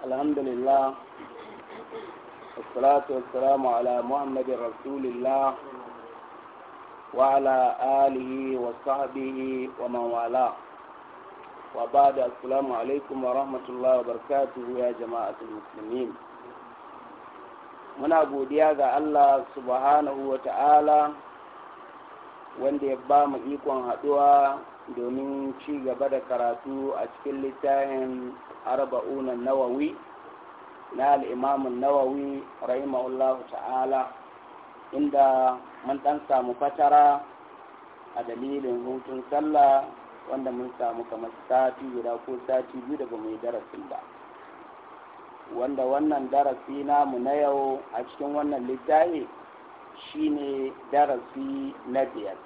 alhamdulillah wasalatu wasalamu ala muhammadin rasulillah wa ala alihi wa sahbihi wa man wala wa ba'da assalamu alaikum wa rahmatullahi wa barakatuhu ya jama'atul muslimin muna godiya ga Allah subhanahu wa ta'ala wanda ya ba mu ikon haduwa domin ci gaba da karatu a cikin littafin arba'unan nawawi na al'imamun nawawi rahimahullahu ta'ala inda mun ɗan samu fatara a dalilin hutun sallah wanda mun samu kamar sati guda ko sati biyu daga mai darasin ba wanda wannan darasi namu na yau a cikin wannan littafi shine darasi na biyar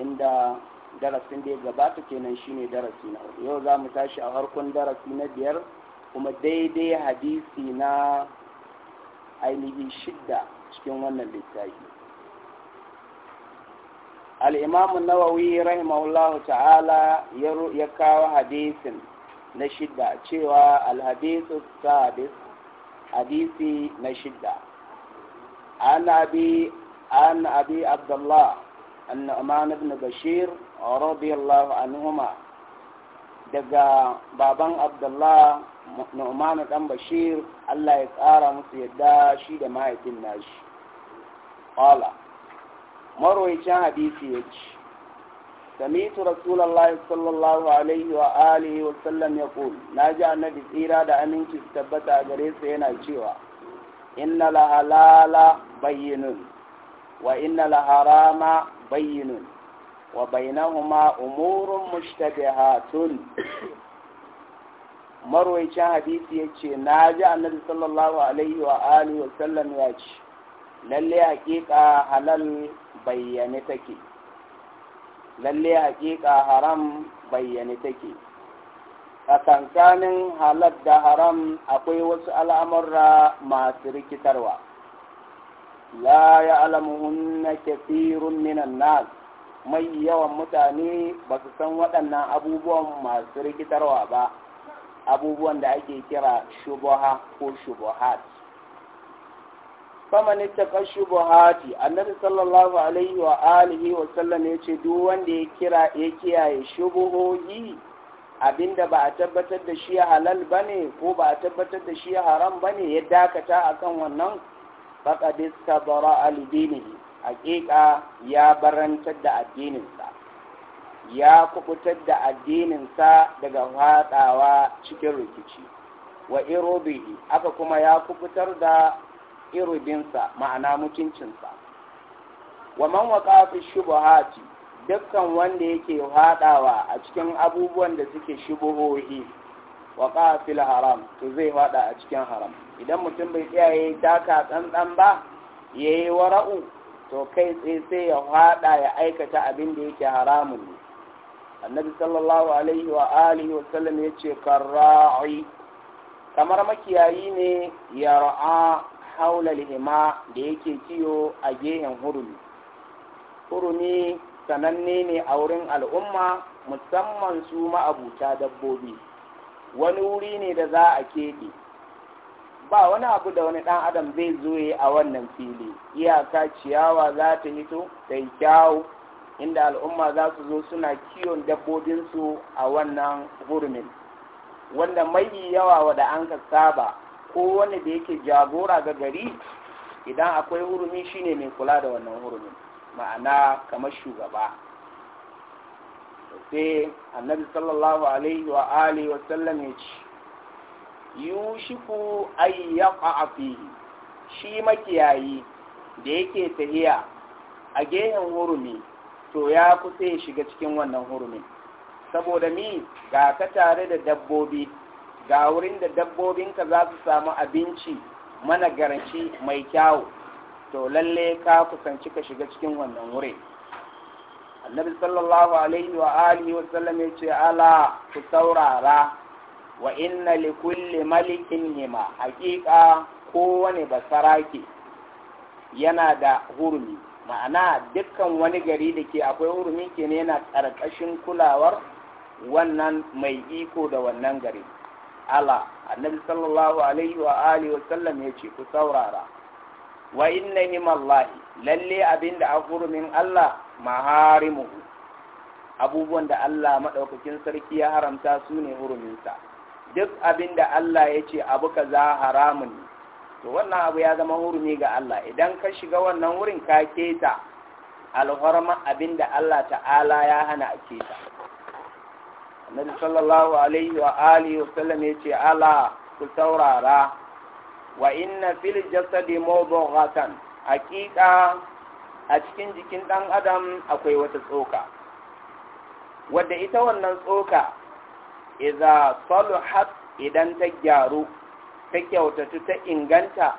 inda darasin da ya gabata kenan shine darasi na hudu yau za mu tashi a harkon darasi na biyar kuma daidai hadisi na ainihi shidda cikin wannan littafi al'imamu nawawi rahimahullahu ta'ala ya kawo hadisin na shidda cewa alhadisu sadis hadisi na shidda an abi Abdullahi. النعمان بن بشير رضي الله عنهما daga baban abdullah nu'manu dan bashir Allah ya tsara musu yadda shi da mahaifin nashi qala marwayacin hadisi yace sami'tu rasulullah sallallahu alaihi wa alihi wa sallam yaqul naji annabi tsira da aminci su tabbata gare sa yana cewa inna la wa inna harama bayyinun wa bainahuma umurun mushtabihatun marwaicin hadisi ya ce na ji annabi sallallahu alaihi wa alihi wa sallam ya ce lalle hakika halal bayyane take lalle hakika haram bayyane take tsakankanin halal da haram akwai wasu al'amurra masu rikitarwa la ya'lamuhunna kathirun minan nas mai yawan mutane ba su san waɗannan abubuwan masu rikitarwa ba abubuwan da ake kira shubaha ko shubuhat faman ittaqa shubuhati annabi sallallahu alaihi wa alihi wa sallam yace duk wanda ya kira ya kiyaye shubuhoyi abinda ba a tabbatar da shi halal bane ko ba a tabbatar da shi haram bane ya dakata akan wannan faqad istabara al dinihi haqiqa ya barantar da addininsa ya kubutar da addininsa daga hadawa cikin rikici wa irubihi aka kuma ya kubutar da irubinsa ma'ana mutuncinsa wa man waqa fi shubuhati dukkan wanda yake hadawa a cikin abubuwan da suke shubuhohi wa qatil haram to zai fada a cikin haram idan mutum bai tsaya taka tsantsan ba yayi wara'u to kai sai sai ya fada ya aikata abin da yake haramun ne annabi sallallahu alaihi wa alihi wa sallam yace karra'i kamar makiyayi ne ya ra'a haula lihima da yake kiyo a gehen hurumi hurumi sananne ne a wurin al'umma musamman su ma'abuta dabbobi wani wuri ne da za a keɗe. ba wani abu da wani ɗan adam zai zoye a wannan fili iyaka ciyawa za ta hito ta yi kyawu inda al'umma za su zo suna kiwon dabbobinsu a wannan hurumin. wanda mai yawa wada an ka saba ko wani da yake jagora ga gari idan akwai hurumi shine mai kula da wannan hurumin ma'ana kamar shugaba sai annabi sallallahu alaihi wa alihi wa sallam ya ce yushiku ay shi makiyayi da yake tahiya a gehen hurumi to ya kusa ya shiga cikin wannan hurumi saboda mi ga ka tare da dabbobi ga wurin da dabbobinka za su samu abinci mana garanci mai kyawu to lalle ka kusanci ka shiga cikin wannan wurin annabi sallallahu alaihi wa alihi wa sallam ya ce ala ku saurara wa inna li kulli malikin hima hakika kowane basarake yana da hurumi ma'ana dukkan wani gari da ke akwai hurumi ke ne yana ƙarƙashin kulawar wannan mai iko da wannan gari ala annabi sallallahu alaihi wa alihi wa sallam ya ce ku saurara wa inna himallahi lalle abin da min Allah maharimuhu abubuwan da Allah maɗaukakin sarki ya haramta su ne huruminsa duk abin da Allah ya ce abu ka za haramun ne to wannan abu ya zama hurumi ga Allah idan ka shiga wannan wurin ka keta alhurma abin Allah ta'ala ya hana a keta annabi sallallahu alaihi wa alihi wa sallam ya ce ala ku saurara wa inna fil jasadi mudghatan hakika a cikin jikin dan adam akwai wata tsoka wadda ita wannan tsoka idza saluhat idan ta gyaru ta kyautatu ta inganta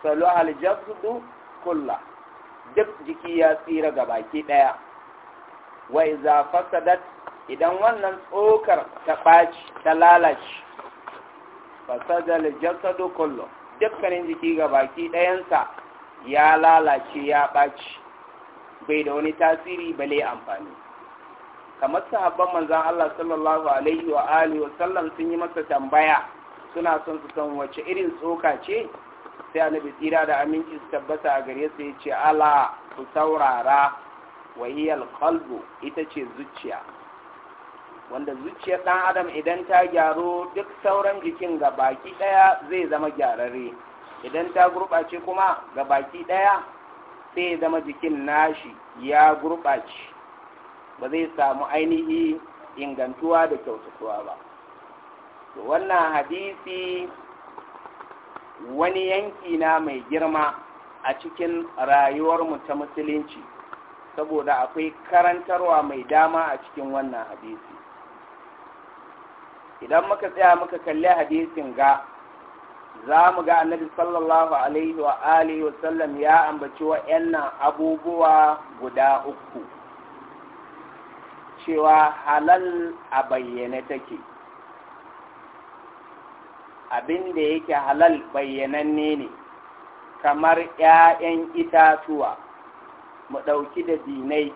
saluhal jasadu kullu duk jiki ya tsira ga baki ɗaya wa idza fasadat idan wannan tsokar ta baci ta lalace fasadal jasadu kullu dukkanin jiki ga baki ɗayansa ya lalace ya ɓaci bai da wani tasiri bale amfani kamar sahabban manzan Allah sallallahu alaihi wa alihi wasallam sun yi masa tambaya suna son su san wace irin tsoka ce sai annabi tsira da aminci su tabbata a gare su ya ce ala ku saurara wa qalbu ita ce zuciya wanda zuciyar ɗan adam idan ta gyaro duk sauran jikin ga baki ɗaya zai zama gyararre idan ta gurɓace kuma ga baki ɗaya sai zama jikin nashi ya gurɓace ba zai samu ainihi ingantuwa da kyautatuwa ba wannan hadisi wani yanki na mai girma a cikin rayuwarmu ta musulunci saboda akwai karantarwa mai dama a cikin wannan hadisi idan muka tsaya muka kalli hadisin ga za mu ga annabi sallallahu alaihi wa alihi wa sallam ya ambaci wa wa'annan abubuwa guda uku cewa halal a bayyane take abin da yake halal bayyananne ne kamar 'ya'yan itatuwa mu ɗauki da dinai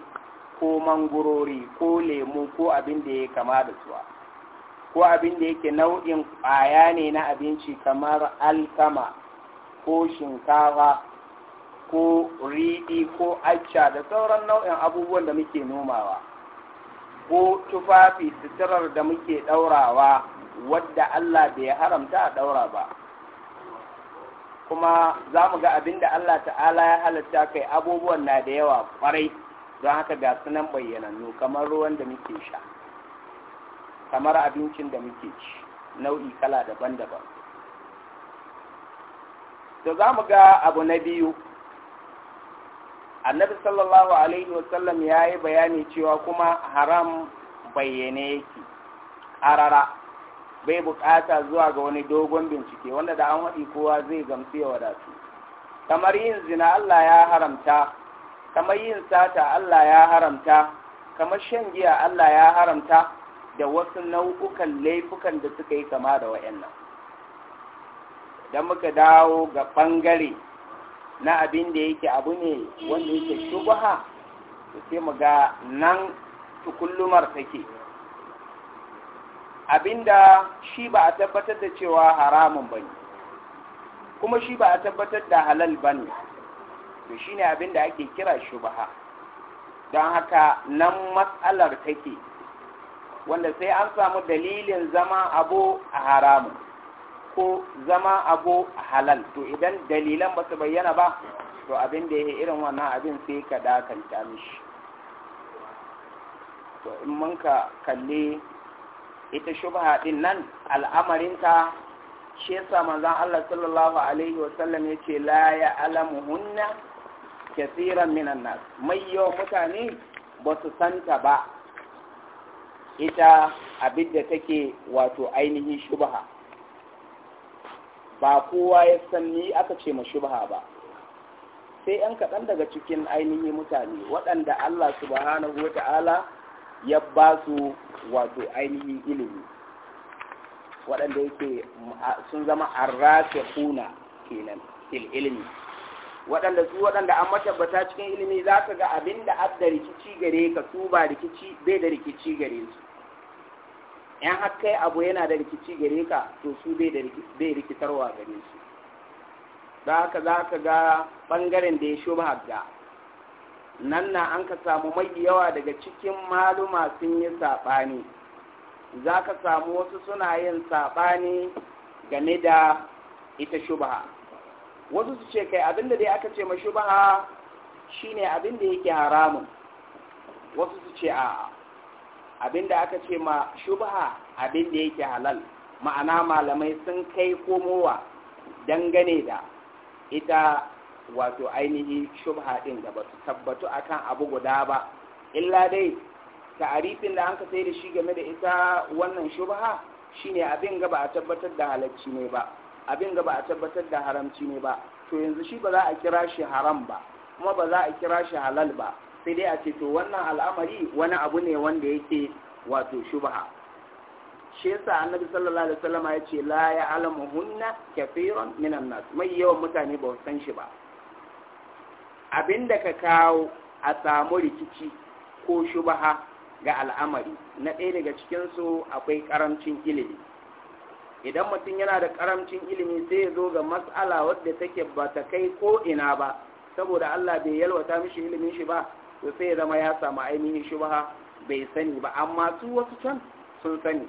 ko mangurori ko lemu ko abin da ya kama da suwa ko abin da yake nau'in ƙwaya ne na abinci kamar alkama ko shinkafa ko riɗi ko acca da sauran nau'in abubuwan da muke nomawa ko tufafi suturar da muke ɗaurawa wadda Allah bai haramta a ɗaura ba kuma za mu ga abin da Allah ta'ala ya halatta kai abubuwan na da yawa ƙwarai don haka ga sunan bayyanannu kamar ruwan da muke sha. kamar abincin da muke ci nau'i kala daban-daban da za mu ga abu na biyu annabi sallallahu alaihi wasallam ya yi bayani cewa kuma haram bayyane yake ƙarara bai bukata zuwa ga wani dogon bincike wanda da an waɗi kowa zai gamsu ya wadatu kamar yin zina Allah ya haramta kamar yin sata Allah ya haramta kamar shan giya Allah ya haramta da wasu nau'ukan laifukan da suka yi kama da wa'annan idan muka dawo ga ɓangare na abin da yake abu ne wanda yake shubaha to sai mu ga nan tukullumar take abinda shi ba a tabbatar da cewa haramun bane kuma shi ba a tabbatar da halal bane to shine abinda ake kira shubaha don haka nan matsalar take wanda sai an samu dalilin zama abu a haramu ko zama abu a halal to idan dalilan ba su bayyana ba to abin da ya irin wannan abin sai ka dakanta mishi to in mun ka kalli ita shubha din nan al'amarinta shi yasa manzon Allah sallallahu alaihi wasallam yace la ya'lamuhunna kaseeran minan nas mai yau mutane ba su santa ba ita abin da take wato ainihin shubha ba kowa ya san ni aka ce ma shubha ba sai ‘yan kaɗan daga cikin ainihin mutane waɗanda Allah subhanahu wa ta'ala ya ba su wato ainihin ilimi waɗanda yake sun zama arrafe kuna kenan fil ilimi waɗanda su waɗanda an matabbata cikin ilimi za ka ga abin da abda rikici gare ka su ba rikici bai da rikici gare su har kai abu yana da rikici gare ka to su bai rikitarwa gare su za ka za ka ga ɓangaren da ya shubha ga nan na an ka samu mai yawa daga cikin maluma sun yi saɓani za ka samu wasu suna yin saɓani game da ita shubha wasu su ce kai abinda dai aka ce ma shubha shine abinda yake haramun wasu su ce a'a Abin da aka ce ma shubha abin da yake halal ma'ana malamai sun kai komowa dangane da ita wato ainihi shubha din da ba su tabbatu akan abu guda ba illa dai ta'arifin da an ka sai da shi game da ita wannan shubha shine abin ga ba a tabbatar da halacci ne ba abin ga ba a tabbatar da haramci ne ba to yanzu shi ba za a kira shi haram ba kuma ba za a kira shi halal ba sai dai a ce to wannan al'amari wani abu ne wanda yake wato shubha shi yasa annabi sallallahu alaihi wasallam ya ce la hunna kafiran min annas mai yawan mutane ba san shi ba abinda ka kawo a samu rikici ko shubha ga al'amari na ɗaya daga cikin su akwai karamcin ilimi idan mutum yana da karamcin ilimi sai ya zo ga mas'ala wadda take ba ta kai ko ina ba saboda Allah bai yalwata mishi ilimin shi ba to sai ya zama ya samu ainihin shubha bai sani ba amma su wasu can sun sani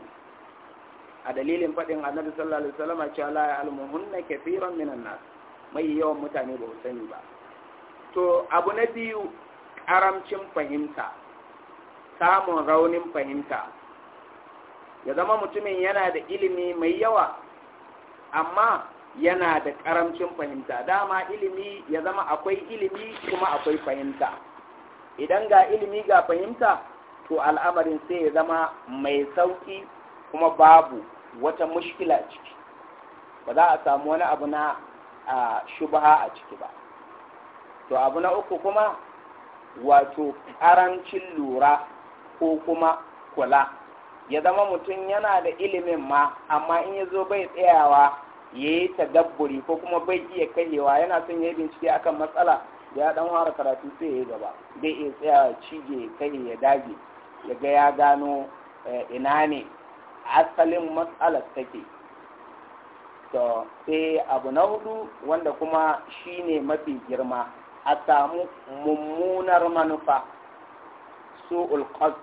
a dalilin faɗin annabi sallallahu alaihi wasallam cewa la ya'lamuhunna kathiran minan nas mai yawan mutane ba su sani ba to abu na biyu karamcin fahimta samun raunin fahimta ya zama mutumin yana da ilimi mai yawa amma yana da karamcin fahimta dama ilimi ya zama akwai ilimi kuma akwai fahimta idan ga ilimi ga fahimta to al'amarin sai ya zama mai sauƙi kuma babu wata mushkila ciki ba za a samu wani abu na shubaha a ciki ba to abu na uku kuma wato ƙarancin lura ko kuma kula ya zama mutum yana da ilimin ma amma in ya zo bai tsayawa ya yi tadabburi ko kuma bai iya kahewa yana son ya yi bincike akan matsala ya dan fara karatu sai ya gaba bai iya tsaya cije kai ya dage ya ga ya gano eh, ina ne asalin matsalar take to sai abu na hudu wanda kuma shine mafi girma a samu mummunar manufa su ulkot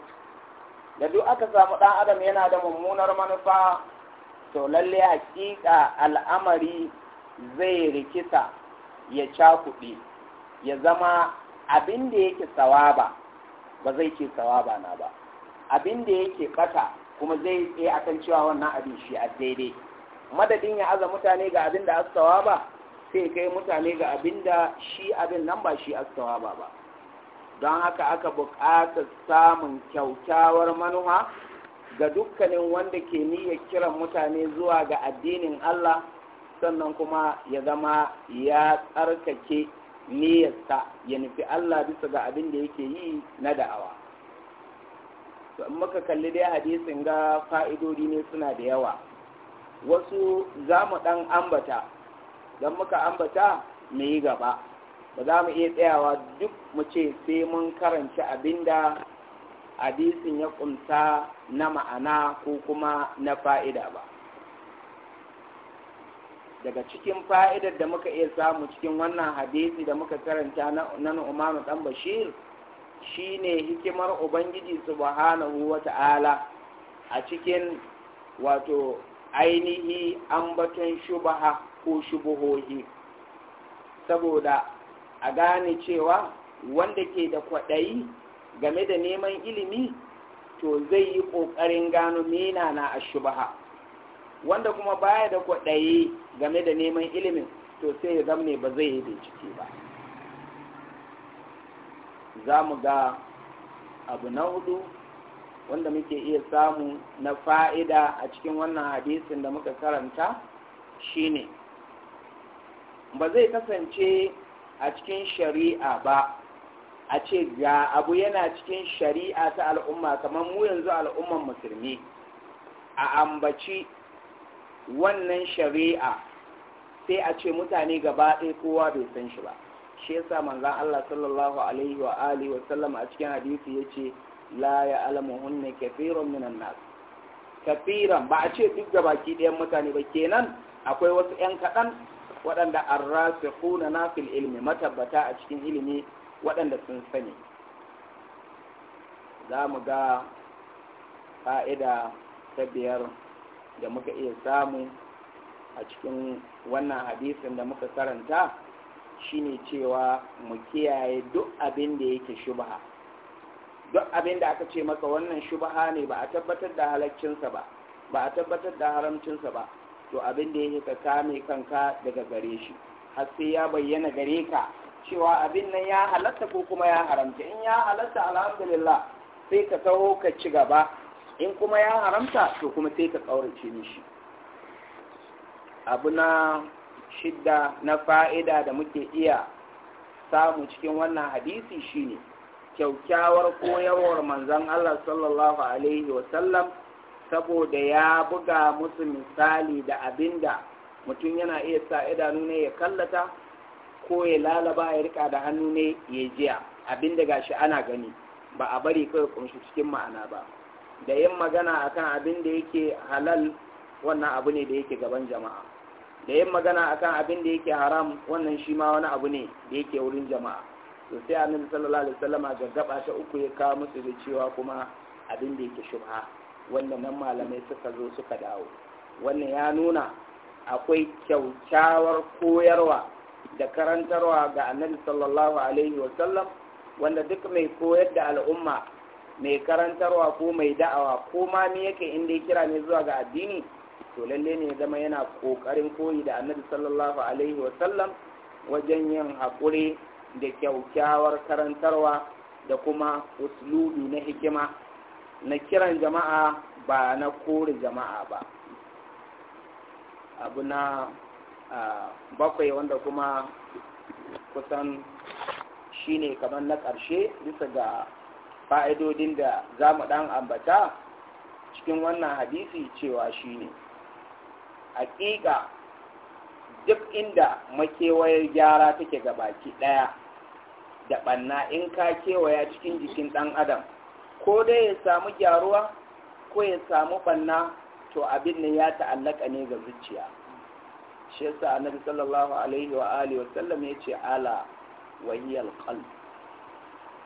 da duk aka samu dan adam yana da mummunar manufa to lalle hakika al'amari zai rikita ya cakuɗe ya zama abin da yake sawaba ba zai ce sawaba na ba abin da yake kata kuma zai tsaye kan cewa wannan abin shi a daidai madadin ya aza mutane ga abin da astawa ba sai kai mutane ga abin da shi abin nan ba shi astawa ba ba don haka aka buƙatar samun kyautawar manuwa ga dukkanin wanda ke niyyar kiran mutane zuwa ga addinin Allah sannan kuma ya zama ya tsarkake niyyarsa ya nufi Allah bisa ga abin da yake yi na da'awa to in muka kalli dai hadisin ga fa'idodi ne suna da yawa wasu za mu ɗan ambata don muka ambata mu yi gaba ba za mu iya tsayawa duk mu ce sai mun karanci abin da hadisin ya ƙunsa na ma'ana ko kuma na fa'ida ba daga cikin fa'idar da muka iya samu cikin wannan hadisi da muka karanta na Nu'manu dan Bashir shine hikimar Ubangiji subhanahu wata'ala a cikin wato ainihi ambaton shubaha ko shubuhohi saboda a gane cewa wanda ke da kwaɗayi game da neman ilimi to zai yi ƙoƙarin gano mena na a shubaha wanda kuma baya da kwaɗayi game da neman ilimin to sai ya zamne ba zai yi bincike ba za mu ga abu na hudu wanda muke iya samu na fa'ida a cikin wannan hadisin da muka karanta shine ba zai kasance a cikin shari'a ba a ce ga abu yana cikin shari'a ta al'umma kamar mu yanzu al'umman musulmi a ambaci wannan shari'a sai a ce mutane gaba ɗaya kowa bai san shi ba shi yasa manzon Allah sallallahu alaihi wa alihi wa sallam a cikin hadisi yace la hunna kathirun minan nas kafiran ba a ce duk da baki ɗayan mutane ba kenan akwai wasu 'yan kaɗan waɗanda an rasu na fil ilmi matabbata a cikin ilimi waɗanda sun sani za mu ga fa'ida ta biyar da muka iya samu a cikin wannan hadisin da muka karanta shine cewa mu kiyaye duk abin da yake shubha duk abin da aka ce maka wannan shubha ne ba a tabbatar da halaccinsa ba ba a tabbatar da haramcinsa ba to abin da yake ka kame kanka daga gare shi har sai ya bayyana gare ka cewa abin nan ya halatta ko kuma ya haramta in ya halatta alhamdulillah sai ka taho ka ci gaba in kuma ya haramta to kuma sai ka kaurace mishi abu na shidda na fa'ida da muke iya samu cikin wannan hadisi shine kyaukyawar koyarwar manzon Allah sallallahu alaihi wasallam saboda ya buga musu misali da abinda mutum yana iya sa idanu ne ya kallata ko ya lalaba ya rika da hannu ne ya jiya abinda gashi ana gani ba a bari kai kunshi cikin ma'ana ba da yin magana akan abin da yake halal wannan abu ne da yake gaban jama'a da yin magana akan abin da yake haram wannan shi ma wani abu ne da yake wurin jama'a to sai annabi sallallahu alaihi wasallama gaba ta uku ya kawo musu da cewa kuma abin da yake shubha wannan nan malamai suka zo suka dawo wannan ya nuna akwai kyaukyawar koyarwa da karantarwa ga annabi sallallahu alaihi wasallam wanda duk mai koyar da al'umma mai karantarwa ko mai da'awa ko ma me yake inda ya kira ne zuwa ga addini to lalle ne ya zama yana kokarin koyi da annabi sallallahu alaihi wa sallam wajen yin haƙuri da kyaukyawar karantarwa da kuma uslubi na hikima na kiran jama'a ba na kore jama'a ba abu na bakwai wanda kuma kusan shine kamar na ƙarshe bisa ga fa'idodin da za mu ɗan ambata cikin wannan hadisi cewa shi ne hakika duk inda makewayar gyara take baki ɗaya da ɓanna in ka kewaya cikin jikin ɗan adam ko dai ya samu gyaruwa ko ya samu ɓanna to abin ne ya ta'allaka ne ga zuciya shi yasa annabi sallallahu alaihi wa alihi wa sallam yace ala yi qalb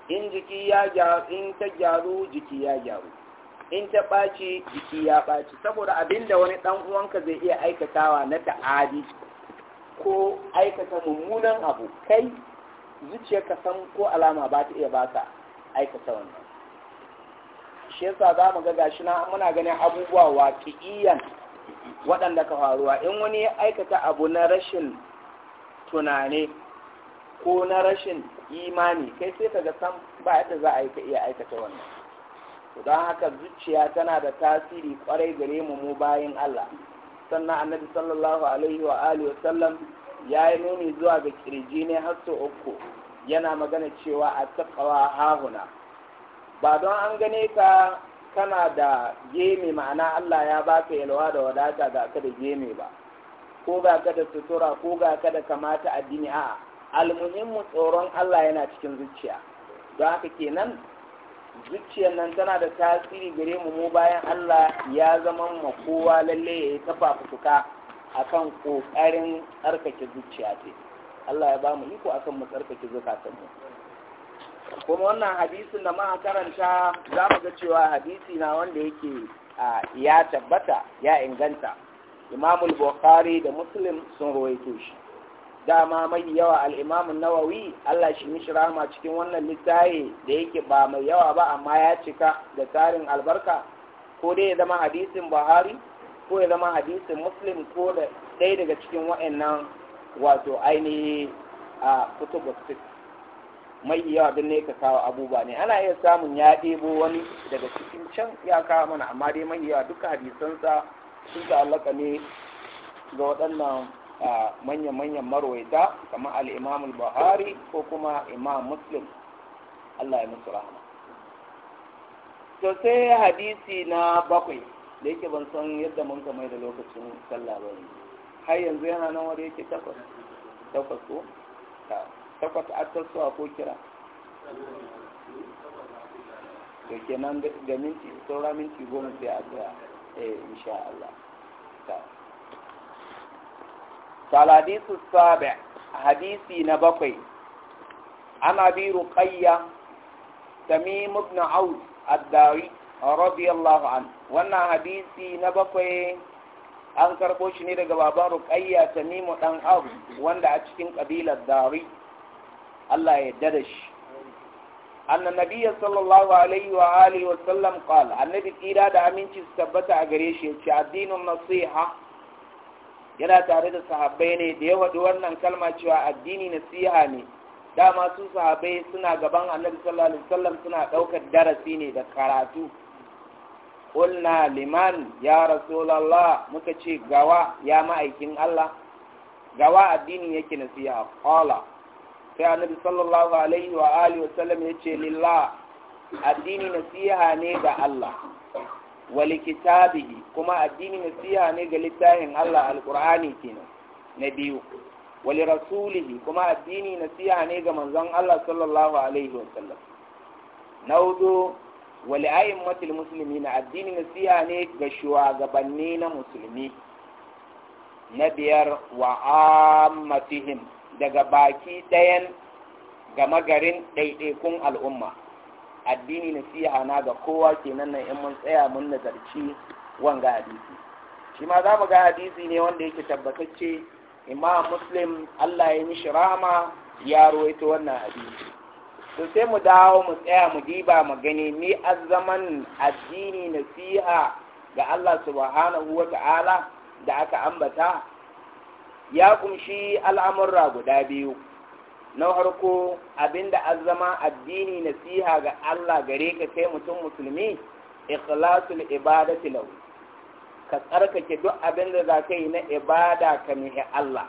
in jiki ya gyaru in ta gyaru jiki ya gyaru in ta ɓaci jiki ya ɓaci saboda abinda wani ɗan uwanka zai iya aikatawa na ta'adi ko aikata mummunan abu kai ka san ko alama ba ta iya baka aikata wannan shi yasa za mu ga gashi na muna ganin abubuwa waƙi'iyan waɗanda ka faruwa in wani ya aikata abu na rashin tunane ko na rashin imani kai sai ka ga san ba yadda za a yi ka iya aikata wannan don haka zuciya tana da tasiri kwarai gare mu mu bayan Allah sannan annabi sallallahu alaihi wa alihi wasallam ya yi nuni zuwa ga kirji ne har sau uku yana magana cewa a takawa hahuna ba don an gane ka kana da geme ma'ana Allah ya baka yalwa da wadata ga ka da geme ba ko ga ka da sutura ko ga ka da kamata addini a'a. almuhimmu tsoron Allah yana cikin zuciya don haka kenan zuciyar nan tana da tasiri gare mu mu bayan Allah ya zama ma kowa lalle ya yi a akan kokarin tsarkake zuciya ce Allah ya ba mu iko akan mu tsarkake zukatanmu kuma wannan hadisin da muka karanta za mu ga cewa hadisi na wanda yake ya tabbata ya inganta imamul bukhari da muslim sun rawaito shi dama mai yawa al'imamin nawawi Allah shi mishi rahama cikin wannan littafi da yake ba mai yawa ba amma ya cika da tarin albarka ko dai ya zama hadisin buhari ko ya zama hadisin muslim ko da ɗaya daga cikin wa'annan wato ainihi a kutubu mai yawa don ne ka kawo abubuwa ne ana iya samun ya ɗebo wani daga cikin can ya kawo mana amma dai mai yawa duka hadisansa sun ta'allaka ne ga waɗannan manya-manyan marwaita kamar al'imam buhari ko kuma imam muslim Allah ya musu rahama to sai hadisi na bakwai da yake ban san yadda mun mai da lokacin sallah ba har yanzu yana nan wani yake takwas takwas ko takwas a tasowa ko kira to kenan da minti saura minti goma sai a tsaya eh insha Allah ta فالحديث السابع حديثي نبقي عن أبي رقية تميم بن عوف الداري رضي الله عنه وانا حديثي نبقي an karɓo shi ne daga baban ruqayya tamimu dan abu wanda a cikin kabilar dari Allah ya yarda shi anna nabiyya sallallahu alaihi wa alihi wa sallam qala annabi tsira da aminci su tabbata a gare shi ya ce addinin nasiha yana tare da sahabbai ne da ya da wannan kalma cewa addini nasiha ne dama su sahabbai suna gaban annabi sallallahu alaihi wasallam suna ɗaukar darasi ne da karatu qulna liman ya rasulullah muka ce gawa ya ma'aikin Allah gawa addini yake nasiha qala sai annabi sallallahu alaihi wa alihi wasallam yace lillah addini nasiha ne ga Allah wali kitabihi kuma addini nasiha ne ga littafin Allah alqur'ani kenan na biyu wali rasulihi kuma addini nasiha ne ga manzon Allah sallallahu alaihi wasallam na hudu wali muslimin addini nasiha ne ga shugabanni na musulmi na biyar wa ammatihim daga baki ɗayan gama garin ɗaiɗaikun al'umma addini nasiha na ga kowa kenan nan in mun tsaya mun nazarci wanga hadisi shi ma za mu ga hadisi ne wanda yake tabbatacce imam muslim Allah ya mishi rama ya ruwaito wannan hadisi to sai mu dawo mu tsaya mu diba mu gani ni azzaman addini nasiha ga Allah subhanahu wa ta'ala da aka ambata ya kumshi al'amurra guda biyu na harko abinda an zama addini nasiha ga Allah gare ka kai mutum musulmi ikhlasul ibadati lahu ka tsarkake duk abinda za ka yi na ibada ka mihi Allah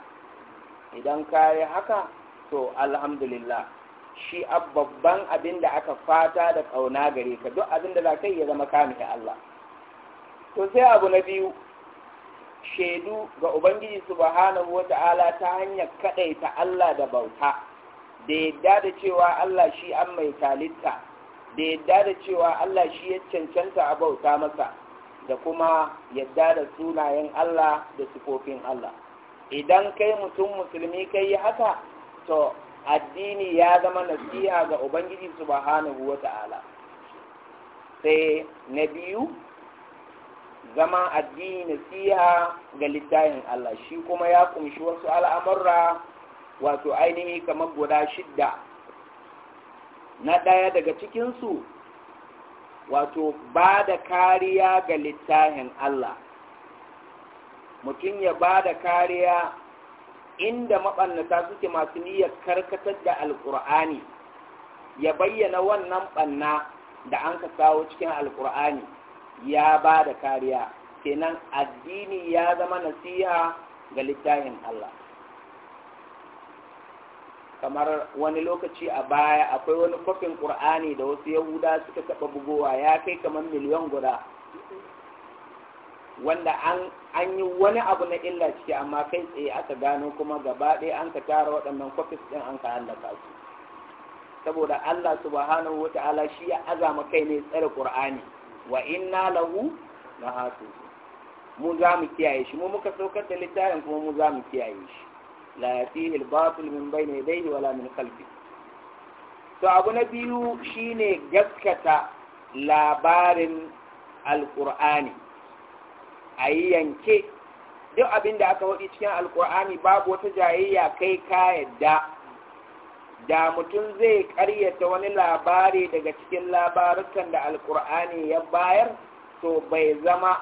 idan ka yi haka to alhamdulillah shi babban abinda aka fata da kauna gare ka duk abinda za ka ya zama ka mihi Allah to sai abu na biyu shaidu ga Ubangiji subhanahu wa ta'ala ta hanyar kaɗaita Allah da bauta da yadda da cewa Allah shi an mai talitta da yadda da cewa Allah shi ya cancanta a bauta masa da kuma yadda da sunayen Allah da sukofin Allah idan kai mutum musulmi kai yi haka to addini ya zama nasiha ga ubangiji subhanahu wata'ala sai na biyu zama addini nasiha ga littafin Allah shi kuma ya kumshi wasu al'amurra wato ainihi kamar guda shidda na ɗaya daga cikinsu wato ba da kariya ga littahin Allah mutum ya ba da kariya inda maɓannata suke masu niyyar karkatar da alƙur'ani ya bayyana wannan ɓanna da an ka sawo cikin alƙur'ani ya ba da kariya kenan addini ya zama nasiha ga littahin Allah kamar wani lokaci a baya akwai wani kwafin ƙur'ani da wasu yahuda suka taɓa bugowa ya kai kamar miliyan guda wanda an yi wani abu na illa ciki amma kai tsaye aka gano kuma gaba ɗaya an ka tara waɗannan kwafis ɗin an ka hallaka su saboda Allah subhanahu wa ta'ala shi ya azama kai ne tsare ƙur'ani wa inna lahu na hasu mu za mu kiyaye shi mu muka saukar da littafin kuma mu za mu kiyaye shi la yatihi al-batil min bayni yadayhi wala min to abu na biyu shine gaskata labarin a yi yanke duk abin da aka wadi cikin alkur'ani babu wata jayayya kai ka yadda da mutum zai karyata wani labari daga cikin labarukan da alkur'ani ya bayar to bai zama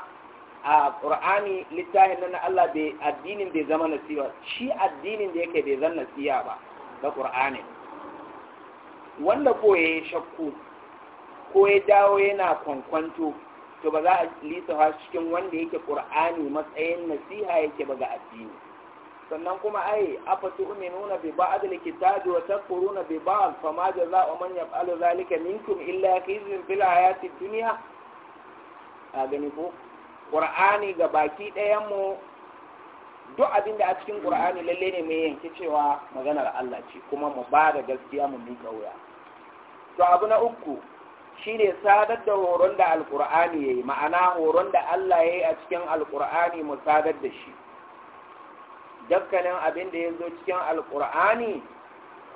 a ƙur'ani littafin nan Allah bai addinin bai zama nasiha shi addinin da yake bai zama nasiha ba da ƙur'ani wanda ko ya shakku ko ya dawo yana kwankwanto to ba za a lissafa cikin wanda yake ƙur'ani matsayin nasiha yake ba ga addini sannan kuma ai afatu uminuna bi ba'd al-kitabi wa takfuruna bi ba'd fama jazaa'u man yaf'alu dhalika minkum illa khizyun fil hayati dunya a gani ko ƙur'ani ga baki ɗayan ɗayanmu duk abin da a cikin ƙur'ani lalle ne mai yanke cewa maganar Allah ce kuma mu ba da gaskiya mu miƙa wuya to abu na uku shine sadar da horon da alƙur'ani yayi ma'ana horon da Allah yayi a cikin alƙur'ani mu sadar da shi dukkanin abin da ya zo cikin alƙur'ani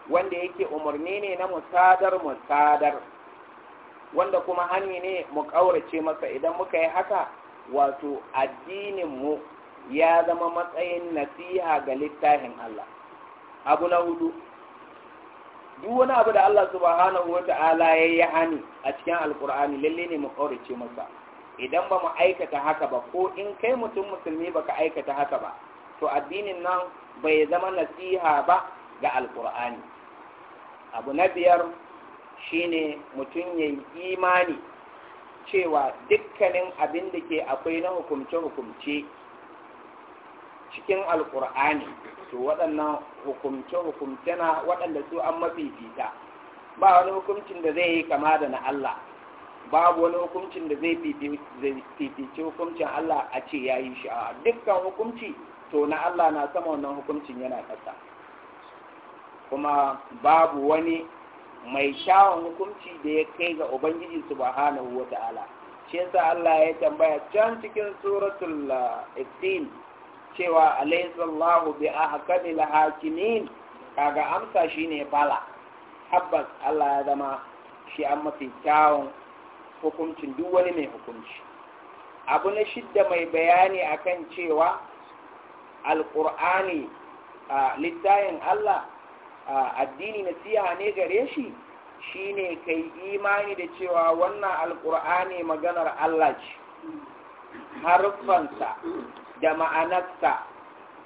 wanda yake umarni ne na musadar musadar wanda kuma hani ne mu ƙaurace masa idan muka yi haka wato mu ya zama matsayin nasiha ga littafin Allah abu na hudu duk wani abu da Allah subhanahu wa ta'ala ya yi hani a cikin alkur'ani lalle ne mu kaurace masa idan ba mu aikata haka ba ko in kai mutum musulmi ba ka aikata haka ba to addinin nan bai zama nasiha ba ga alkur'ani abu na biyar shine mutum ya yi imani cewa dukkanin abin da ke akwai na hukumce-hukumce cikin alkur'ani to waɗannan hukumce-hukumce na waɗanda su an mafifita ba wani hukuncin da zai yi kama da na Allah babu wani hukuncin da zai fifice hukuncin Allah a ce ya yi sha'a dukkan hukunci to na Allah na sama wannan hukuncin yana ƙasa kuma babu wani mai kyawun hukunci da ya kai ga ubangiji subhanahu wa ta'ala shi yasa Allah ya tambaya can cikin suratul Isin eh, cewa alaysa Allahu bi ahkamil hakimin kaga amsa shine bala tabbas Allah ya zama shi an mafi kyawun hukuncin duk wani mai hukunci abu na shidda mai bayani akan cewa al alƙur'ani littayin Allah addini nasiha ne gare shi shine kai imani da cewa wannan alkur'ani maganar Allah ce harfansa da ma'anarsa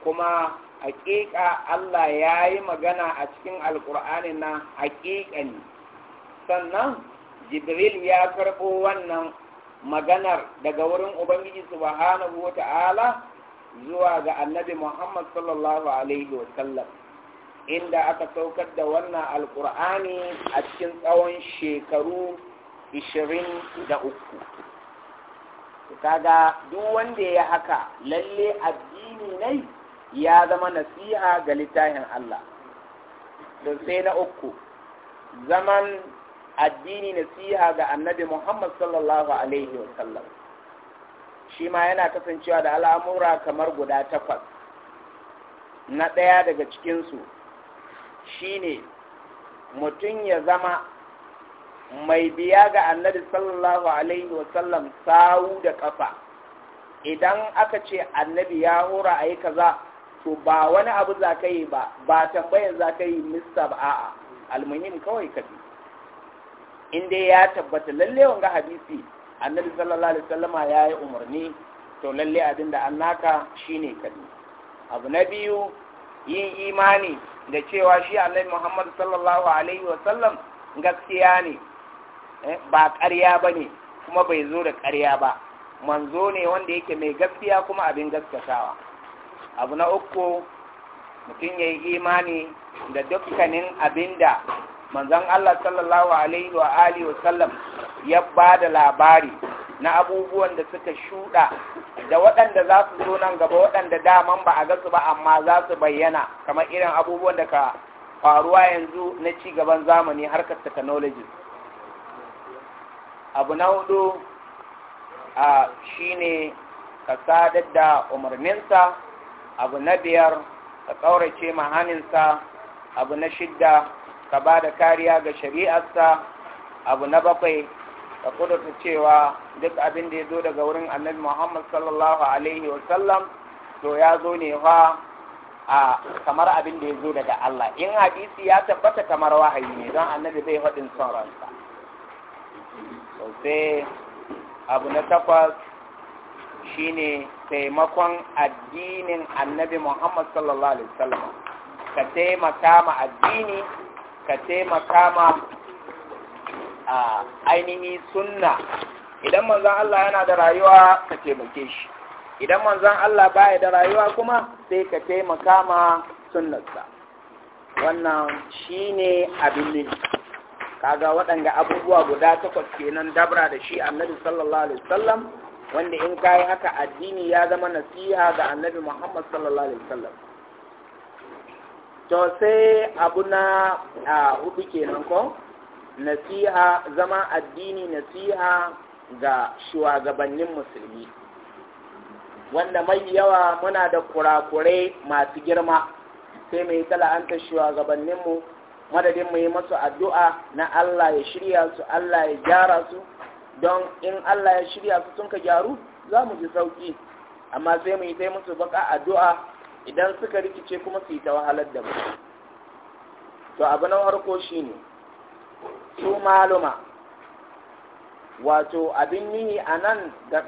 kuma hakika Allah ya yi magana a cikin alkur'ani na hakikani sannan jibril ya karɓo wannan maganar daga wurin ubangiji subhanahu wa ta'ala zuwa ga annabi muhammad sallallahu alaihi wasallam inda aka saukar da wannan alkur'ani a cikin tsawon shekaru 23 kaga duk wanda ya haka lalle addini ne ya zama nasiha ga littafin Allah don sai na uku zaman addini nasiha ga annabi Muhammad sallallahu alaihi wasallam shi ma yana kasancewa da al'amura kamar guda takwas na ɗaya daga cikinsu shine mutum ya zama mai biya ga annabi sallallahu alaihi wasallam sawu da kafa idan aka ce annabi ya hura a yi kaza to ba wani abu za ka yi ba ba tambayar za ka yi mista ba a'a almuhim kawai ka bi in dai ya tabbata lalle wanga hadisi annabi sallallahu alaihi wasallama ya yi umarni to lalle abin da an naka shine ka bi abu na biyu yin imani da cewa shi Allah Muhammad sallallahu alaihi wasallam gaskiya ne eh, ba ƙarya ba ne kuma bai zo da ƙarya ba manzo ne wanda yake mai gaskiya kuma abin gaskatawa abu na uku mutum ya yi imani da dukkanin abinda manzon Allah sallallahu alaihi wa alihi wasallam ya ba da labari na abubuwan da suka shuɗa da waɗanda za su zo nan gaba waɗanda daman ba a ga su ba amma za su bayyana kamar irin abubuwan da ka faruwa yanzu na ci gaban zamani harkar technology abu na hudu a ne ka sadar da umarninsa abu na biyar ka tsaurace mahaninsa abu na shidda ka ba da kariya ga shari'arsa abu na bakwai da kudurta cewa duk abin da ya zo daga wurin annabi muhammad sallallahu alaihi wasallam to ya zo ne fa a kamar abin da ya zo daga Allah in hadisi ya tabbata kamar wahayi ne don annabi bai haɗin son ransa sosai abu na takwas shine taimakon addinin annabi muhammad sallallahu alaihi wasallam ka taimaka ma addini ka taimaka ma a ainihi sunna idan manzan Allah yana da rayuwa ka taimake shi idan manzan Allah baya da rayuwa kuma sai ka taimaka ma sunnarsa wannan shine abin kaga waɗanda abubuwa guda takwas kenan dabra da shi annabi sallallahu alaihi wasallam wanda in kayi haka addini ya zama nasiha ga annabi Muhammad sallallahu alaihi wasallam to sai abu na hudu kenan ko nasiha zama addini nasiha ga shugabannin musulmi wanda mai yawa muna da kurakurai masu girma sai mai tala'anta shugabanninmu madadin mu yi masu addu'a na Allah ya shirya su Allah ya gyara su don in Allah ya shirya su sun ka gyaru za mu ji sauki amma sai mu yi sai musu baka addu'a idan suka rikice kuma su yi ta wahalar da mu to abu na farko shine su maluma wato abin nihi a nan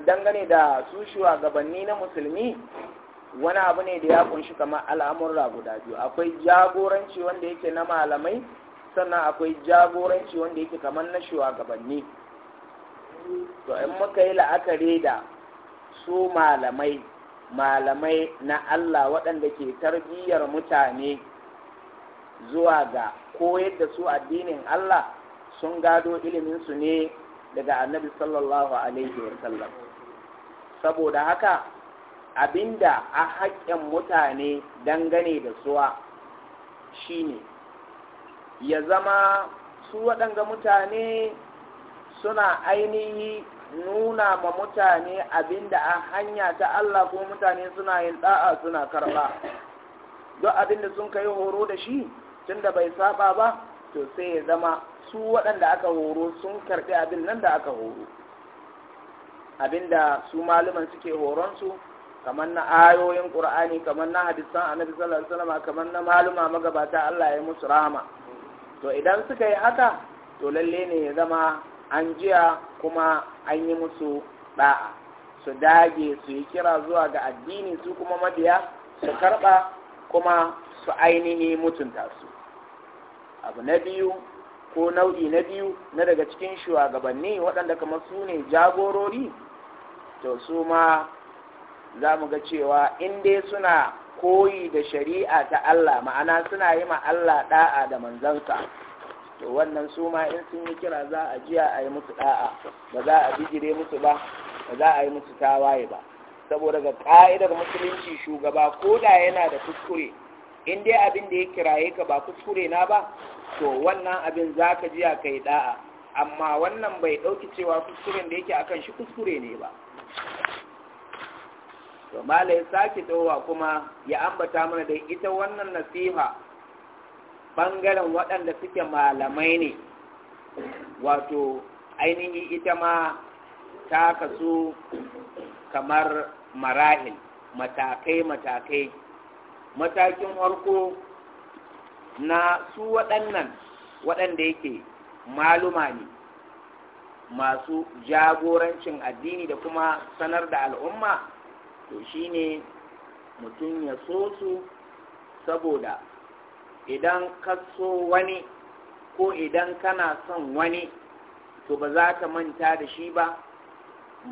dangane da su shugabanni na musulmi wani abu ne da ya kunshi kamar al'amurra guda biyu akwai jagoranci wanda yake na malamai sannan akwai jagoranci wanda yake kamar na shugabanni to in muka yi la'akari da su malamai malamai na Allah waɗanda ke tarbiyyar mutane zuwa ga koyar da su addinin Allah sun gado su ne daga annabi sallallahu alaihi wasallam saboda haka abinda a haƙƙin mutane dangane da suwa shine ya zama su waɗanga mutane suna ainihi nuna ma mutane abinda a hanya ta Allah ko mutane suna yin da'a suna karɓa duk abinda sun kai horo da shi tunda bai saba ba to sai ya zama su waɗanda aka horo sun karɓi abin nan da aka horo abinda su malaman suke horon su, kamar na ayoyin ƙur'ani kamar na hadisan annabi sallallahu alaihi wasallam kamar na maluma magabata Allah ya musu rahama to idan suka yi haka to lalle ne ya zama an jiya kuma an yi musu da'a su dage su yi kira zuwa ga addini su kuma mabiya su karɓa kuma su ainihi mutunta su abu na biyu ko nau'i na biyu na daga cikin shugabanni waɗanda kamar su ne jagorori to su ma za mu ga cewa in dai suna koyi da shari'a ta Allah ma'ana suna yi ma Allah ɗa'a da manzansa to wannan su ma in sun yi kira za a jiya a yi musu da'a ba za a bijire musu ba ba za a yi musu tawaye ba saboda ga ƙa'idar musulunci shugaba ko da yana da kuskure in dai abin da ya kiraye ka ba kuskure na ba to wannan abin za ka ji a kai da'a amma wannan bai ɗauki cewa kuskuren da yake kan shi kuskure ne ba to ya sake tsowa kuma ya ambata mana da ita wannan nasiha ɓangaren waɗanda suke malamai ne wato ainihi ita ma ta kasu kamar marahil matakai-matakai matakin farko na su waɗannan waɗanda yake maluma ne masu jagorancin addini da kuma sanar da al'umma to shine mutum ya so su saboda idan ka so wani ko idan kana son wani to ba za ka manta da shi ba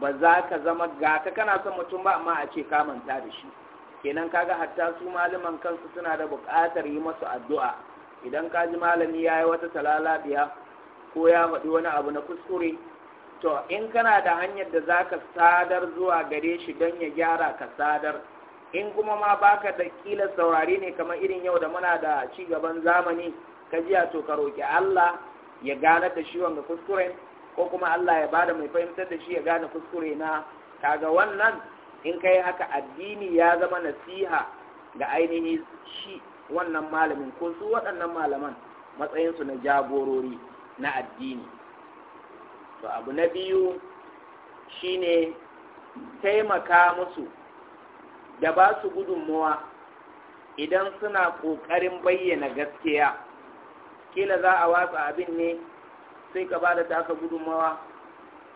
ba za ka zama ga ka kana son mutum ba amma a ce ka manta da shi kenan kaga hatta su malaman kansu suna da buƙatar yi masu addu'a idan ka ji malami ya yi wata talalabiya ko ya faɗi wani abu na kuskure to in kana da hanyar da za ka sadar zuwa gare shi don ya gyara ka sadar in kuma ma baka da kila saurari ne kamar irin yau da muna da ci gaban zamani ka jiya to ka roƙi Allah ya gane da shi wanga kuskure, ko kuma Allah ya bada mai fahimtar da shi ya gane kuskure na kaga wannan in kai haka addini ya zama nasiha ga ainihi shi wannan malamin ko su waɗannan malaman matsayinsu na jagorori na addini to abu na biyu shine taimaka musu da ba su gudunmowa idan suna ƙoƙarin bayyana gaskiya kila za a watsa abin ne sai ka ba da taka gudunmowa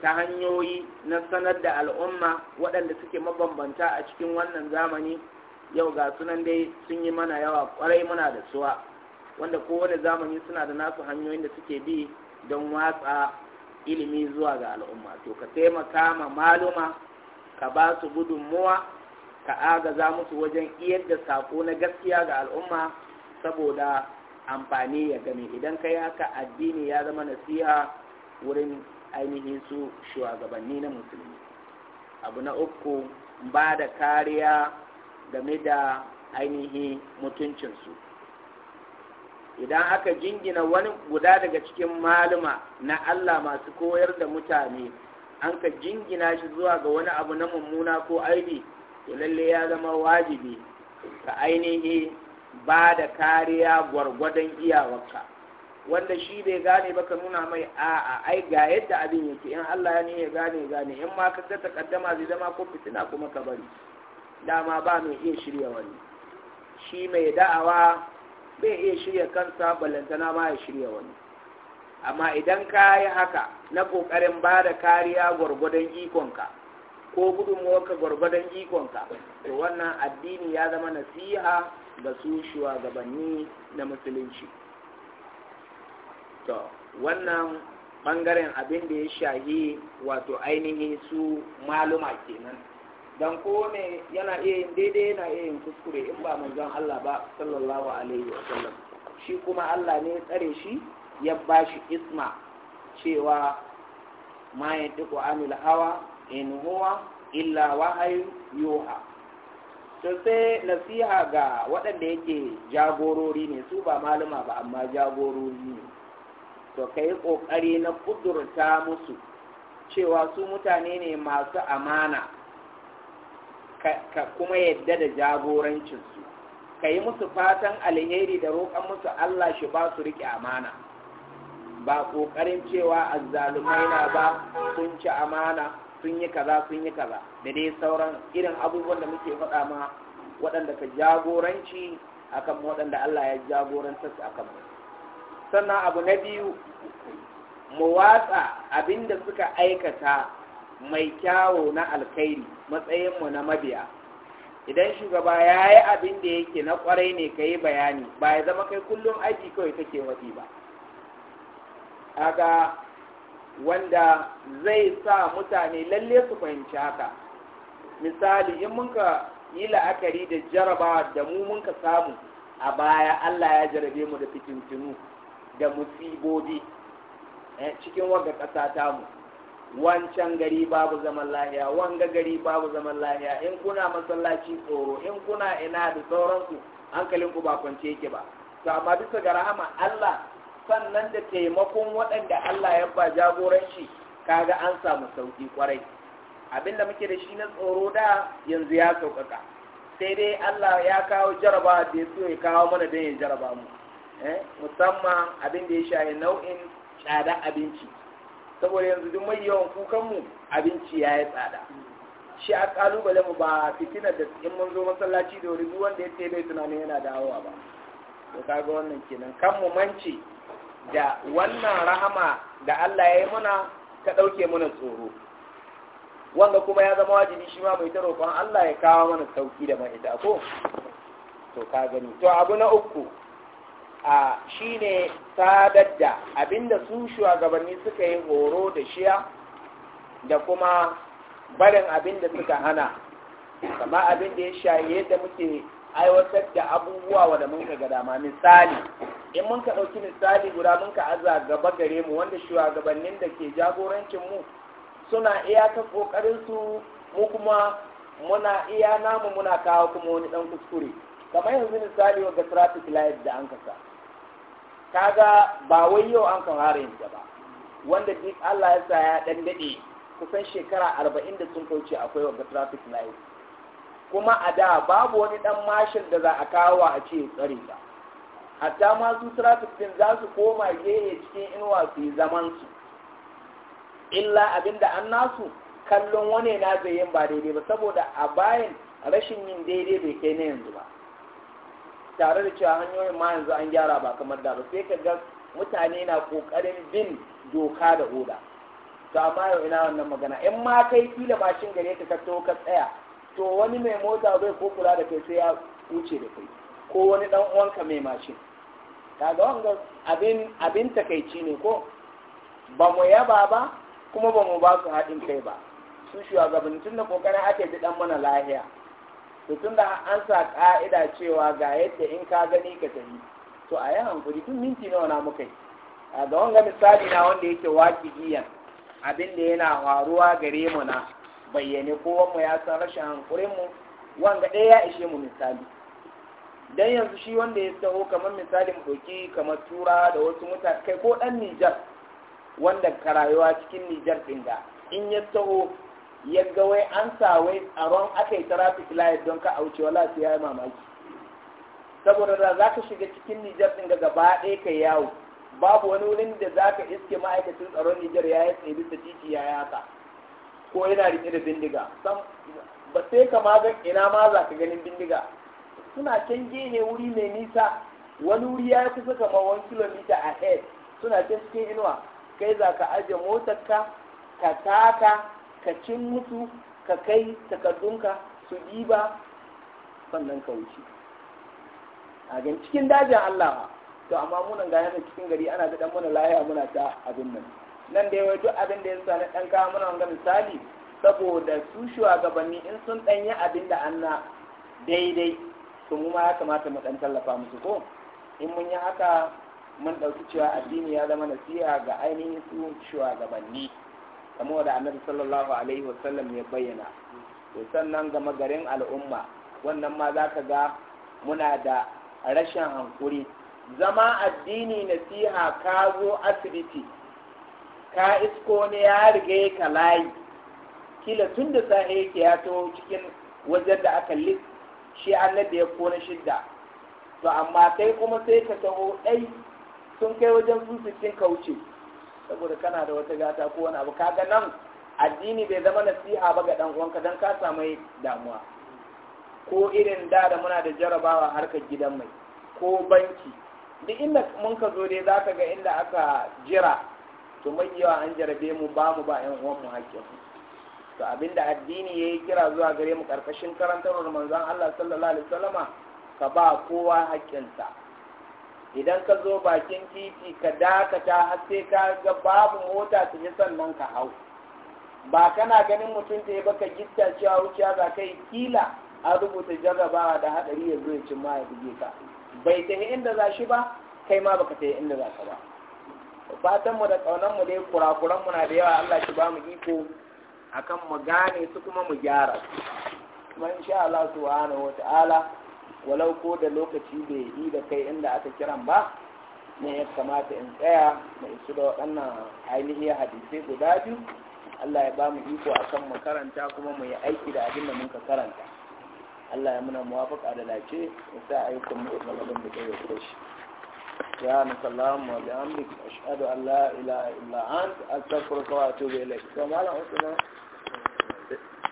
ta hanyoyi na sanar da al'umma waɗanda suke mabambanta a cikin wannan zamani yau ga sunan dai sun yi mana yawa kwarai muna da suwa wanda kowane zamani suna da nasu hanyoyin da suke bi don watsa ilimi zuwa ga al'umma to ka taimaka ma maluma ka ba su gudunmuwa ka agaza musu wajen iyar da sako na gaskiya ga al'umma saboda amfani ya gani idan ka yi haka addini ya zama nasiha wurin ainihin su shugabanni na musulmi abu na uku ba da kariya game da ainihin mutuncinsu idan aka jingina wani guda daga cikin malama na Allah masu koyar da mutane an ka jingina shi zuwa ga wani abu na mummuna ko aibi to lalle ya zama wajibi ka ainihi ba da kariya gwargwadon iyawarka wanda shi bai gane ba ka nuna mai a'a ai ga yadda abin yake in Allah ya ne ya gane gane in ma ka ta kaddama zai zama ko fitina kuma ka bari dama ba mai iya shirya wani shi mai da'awa bai iya shirya kansa ballantana ma ya shirya wani amma idan ka yi haka na kokarin ba da kariya gwargwadon ikonka ko gudunmuwarka gwargwadon ikonka to wannan addini ya zama nasiha ga su shugabanni na musulunci to wannan bangaren abin da ya shahi wato ainihin su maluma kenan dan ko ne yana iya yin daidai yana iya yin kuskure in ba manzon Allah ba sallallahu alaihi wa sallam shi kuma Allah ne ya tsare shi ya bashi isma cewa ma yantiqu amil hawa in huwa illa wahayu yuha to sai nasiha ga waɗanda yake jagorori ne su ba malama ba amma jagorori ne to ka yi ƙoƙari na ƙudurta musu cewa su mutane ne masu amana ka kuma yadda da jagorancinsu ka yi musu fatan alheri da roƙon musu Allah shi ba su riƙe amana ba ƙoƙarin cewa azzalumai na ba sun ci amana sun yi kaza sun yi kaza da dai sauran irin abubuwan da muke faɗa ma waɗanda ka jagoranci akan waɗanda Allah ya jagorantar su akan mu sannan abu na biyu mu watsa abinda suka aikata mai kyawo na alkhairi matsayinmu na mabiya idan shugaba ya yi abin da yake na kwarai ne ka yi bayani ba ya zama kai kullum aiki kawai take waɗi ba aga wanda zai sa mutane lalle su fahimci haka misali in muka yi la'akari da jaraba da mu muka samu a baya allah ya jarabe mu da fitintinu da musibobi eh, cikin wanga ƙasa mu. wancan gari babu zaman lahiya wanga gari babu zaman lahiya in kuna masallaci tsoro in kuna ina da sauransu hankalinku ba kwance yake ba to amma bisa ga rahama Allah sannan da taimakon waɗanda Allah ya ba jagoranci kaga an samu sauki kwarai da muke da shi na tsoro da yanzu ya sauƙaƙa sai dai Allah ya kawo jarabawa da ya so ya kawo mana dan ya jaraba mu Eh, musamman abin da ya shahi nau'in tsada abinci saboda yanzu duk mai yawan kukanmu abinci ya yi tsada shi a kalubale mu ba fitinar da in mun zo masallaci da wuri duk wanda ya tebe tunanin yana dawowa ba to kaga wannan kenan kan mu mance da wannan rahama da Allah ya yi muna ta ɗauke mana tsoro wanda kuma ya zama wajibi shi ma mai ta roƙon Allah ya kawo mana sauki da mai ko to ka gani to abu na uku a shi shine sadar da abinda su shugabanni suka yi horo da shiya da kuma barin abinda suka hana kama abinda ya shaye yadda muke aiwatar da abubuwa wadda mun ga dama misali in mun ka ɗauki misali guda mun ka aza gaba gare mu wanda shugabannin da ke jagorancin mu suna iya ta su mu kuma muna iya namu muna kawo kuma wani ɗan kuskure kamar yanzu misali wa traffic light da an kasa kaga ba wai yau an kan fara yin ba wanda duk Allah ya sa ya dan kusan shekara arba'in da sun kauce akwai wanda traffic light kuma a da babu wani dan mashin da za a kawo a ce tsare ba. hatta ma su traffic din za su koma gehe cikin inuwa su yi zaman su illa abinda an nasu kallon wani na zai yin ba daidai ba saboda a bayan rashin yin daidai bai kai na yanzu ba tare da cewa hanyoyin ma yanzu an gyara ba kamar da ba sai ka ga mutane na kokarin bin doka da oda to amma yau ina wannan magana in ma kai kila bashin gare ka kato ka tsaya to wani mai mota zai ko kula da kai sai ya wuce da kai ko wani dan uwanka mai mashin kaga wanga abin abin takaici ne ko ba mu yaba ba kuma ba mu ba su haɗin kai ba su shugabannin da kokarin ake ji dan mana lahiya to da an sa ka'ida cewa ga yadda in ka gani ka tafi to a yi hankuri tun minti nawa na muka yi a ga wanga misali na wanda yake waki giyan abin da yana faruwa gare mu na bayyane ko mu ya san rashin hankurin mu wanga ɗaya ya ishe mu misali dan yanzu shi wanda ya taho kamar misali mu ɗauki kamar tura da wasu mutane kai ko ɗan Nijar wanda ka rayuwa cikin Nijar ɗin da in ya taho yadda wai an sawe wai tsaron aka yi traffic light don ka auce wala su ya yi mamaki saboda da za ka shiga cikin nijar ɗin gaba ɗaya ka yawo babu wani wurin da za ka iske ma'aikacin tsaron nijar ya yi tsaye bisa titi ya yaka ko yana riƙe da bindiga ba sai ka ma ina ma za ka ganin bindiga suna can gene wuri mai nisa wani wuri ya kusa kamar wani kilomita a head suna can cikin inuwa kai za ka aje motarka ka taka ka cin mutu ka kai takardunka su ɗiba sannan ka wuce a gan cikin dajin Allah to amma munan ga yasa cikin gari ana da dan mana lahiya muna ta abin nan nan da yawaito abin da ya na dan kawo muna wanga misali saboda su shugabanni in sun dan yi abin da anna daidai to mu ma ya kamata mu dan tallafa musu ko in mun yi haka mun dauki cewa addini ya zama nasiha ga ainihin su shugabanni kamar da annabi sallallahu alaihi wasallam ya bayyana to sannan gama garin al'umma wannan ma za ka ga muna da rashin hankuri zama addini nasiha ka zo asibiti ka isko ne ya riga ka layi kila tun da sa'a yake ya to cikin wajen da aka lit shi annabi ya kona shidda to amma kai kuma sai ka taho ɗai sun kai wajen sun ka kauce. saboda kana da wata gata ko wani abu kaga nan addini bai zama nasiha ba ga dan uwanka dan ka samu damuwa ko irin da da muna da jarabawa harkar gidan mai ko banki duk inda mun ka zo dai zaka ga inda aka jira to yawa an jarabe mu ba mu ba yan uwan mu hakkin to abinda addini yayi kira zuwa gare mu karkashin karantarwar manzon Allah sallallahu alaihi wasallama ka ba kowa haƙƙinsa idan ka zo bakin titi ka dakata har sai ka ga babu mota su ji sannan ka hau ba kana ganin mutum da ya baka gitta cewa wuciya za kai kila a rubuta jarrabawa da hadari ya zo ya cin ma ya buge ka bai tafi inda za shi ba kai ma baka tafi inda za ka ba fatan mu da kaunan mu dai kurakuran mu na da yawa Allah shi ba mu iko akan mu gane su kuma mu gyara su kuma insha Allah subhanahu ta'ala walau ko da lokaci bai yi da kai inda aka kiran ba ne ya kamata in tsaya mai isu da waɗannan ainihin hadisai guda biyu Allah ya ba mu iko a kan makaranta kuma mu yi aiki da abin da ka karanta Allah ya muna muwafaka da lace ya sa aikin mu da abin da kai ya shi ya na sallamu wa bihamdik ashhadu an la ilaha illa anta astaghfiruka wa atubu ilayk to malam